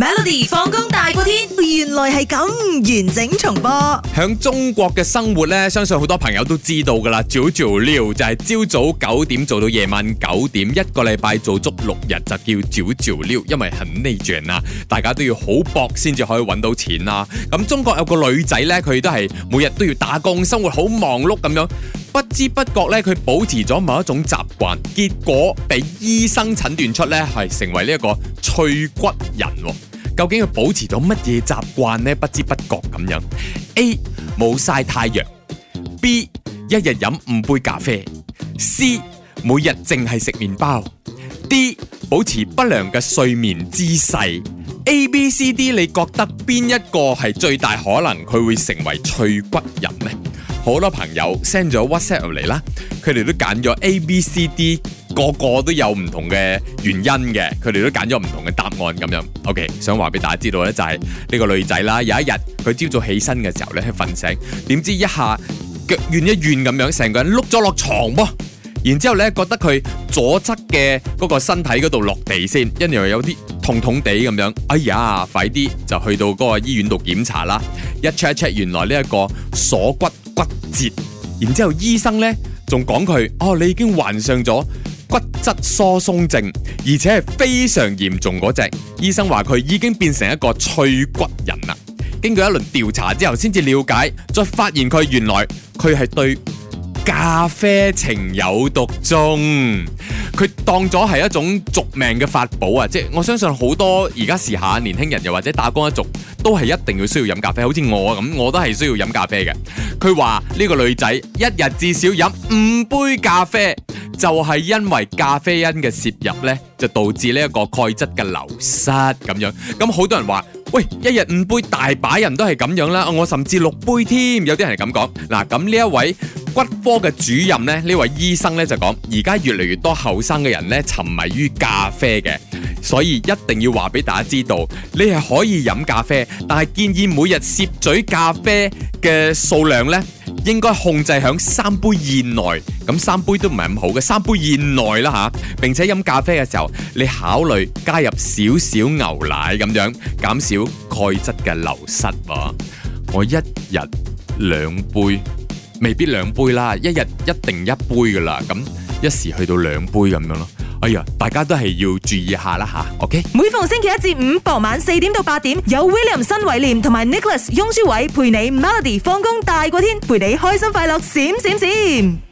Melody 放工大過天，原來係咁完整重播。響中國嘅生活呢，相信好多朋友都知道噶啦。Jo jo Leo，就是九九六就係朝早九點做到夜晚九點，一個禮拜做足六日就叫九九六，因為很呢象啊，大家都要好搏先至可以搵到錢啦。咁中國有個女仔呢，佢都係每日都要打工，生活好忙碌咁樣，不知不覺呢，佢保持咗某一種習慣，結果俾醫生診斷出呢係成為呢一個脆骨人。究竟佢保持咗乜嘢習慣呢？不知不覺咁樣，A 冇曬太陽，B 一日飲五杯咖啡，C 每日淨係食麵包，D 保持不良嘅睡眠姿勢。A、B、C、D，你覺得邊一個係最大可能佢會成為脆骨人呢？好多朋友 send 咗 WhatsApp 入嚟啦，佢哋都揀咗 A、B、C、D。個個都有唔同嘅原因嘅，佢哋都揀咗唔同嘅答案咁樣。OK，想話俾大家知道呢，就係呢個女仔啦。有一日，佢朝早起身嘅時候呢，去瞓醒，點知一下腳軟一軟咁樣，成個人碌咗落床噃。然之後呢，覺得佢左側嘅嗰個身體嗰度落地先，因為有啲痛痛地咁樣。哎呀，快啲就去到嗰個醫院度檢查啦。一 check 一 check，原來呢一個鎖骨骨折。然之後醫生呢，仲講佢：哦，你已經患上咗。骨質疏鬆症，而且係非常嚴重嗰隻。醫生話佢已經變成一個脆骨人啦。經過一輪調查之後，先至了解，再發現佢原來佢係對咖啡情有獨鍾。佢當咗係一種續命嘅法寶啊！即係我相信好多而家時下年輕人，又或者打工一族，都係一定要需要飲咖啡。好似我咁，我都係需要飲咖啡嘅。佢話呢個女仔一日至少飲五杯咖啡。就係因為咖啡因嘅攝入呢，就導致呢一個鈣質嘅流失咁樣。咁好多人話：喂，一日五杯，大把人都係咁樣啦。我甚至六杯添，有啲人係咁講。嗱，咁呢一位骨科嘅主任呢，呢位醫生呢，就講：而家越嚟越多後生嘅人呢，沉迷於咖啡嘅，所以一定要話俾大家知道，你係可以飲咖啡，但係建議每日攝取咖啡嘅數量呢，應該控制喺三杯以內，咁三杯都唔係咁好嘅，三杯以內啦吓！並且飲咖啡嘅時候，你考慮加入少少牛奶咁樣，減少鈣質嘅流失。我一日兩杯，未必兩杯啦，一日一定一杯噶啦。咁一時去到兩杯咁樣咯。哎呀，大家都係要注意下啦吓，OK？每逢星期一至五傍晚四點到八點，有 William 新偉廉同埋 Nicholas 翁舒偉陪你 Melody 放工大過天，陪你開心快樂閃閃閃，閃閃閃。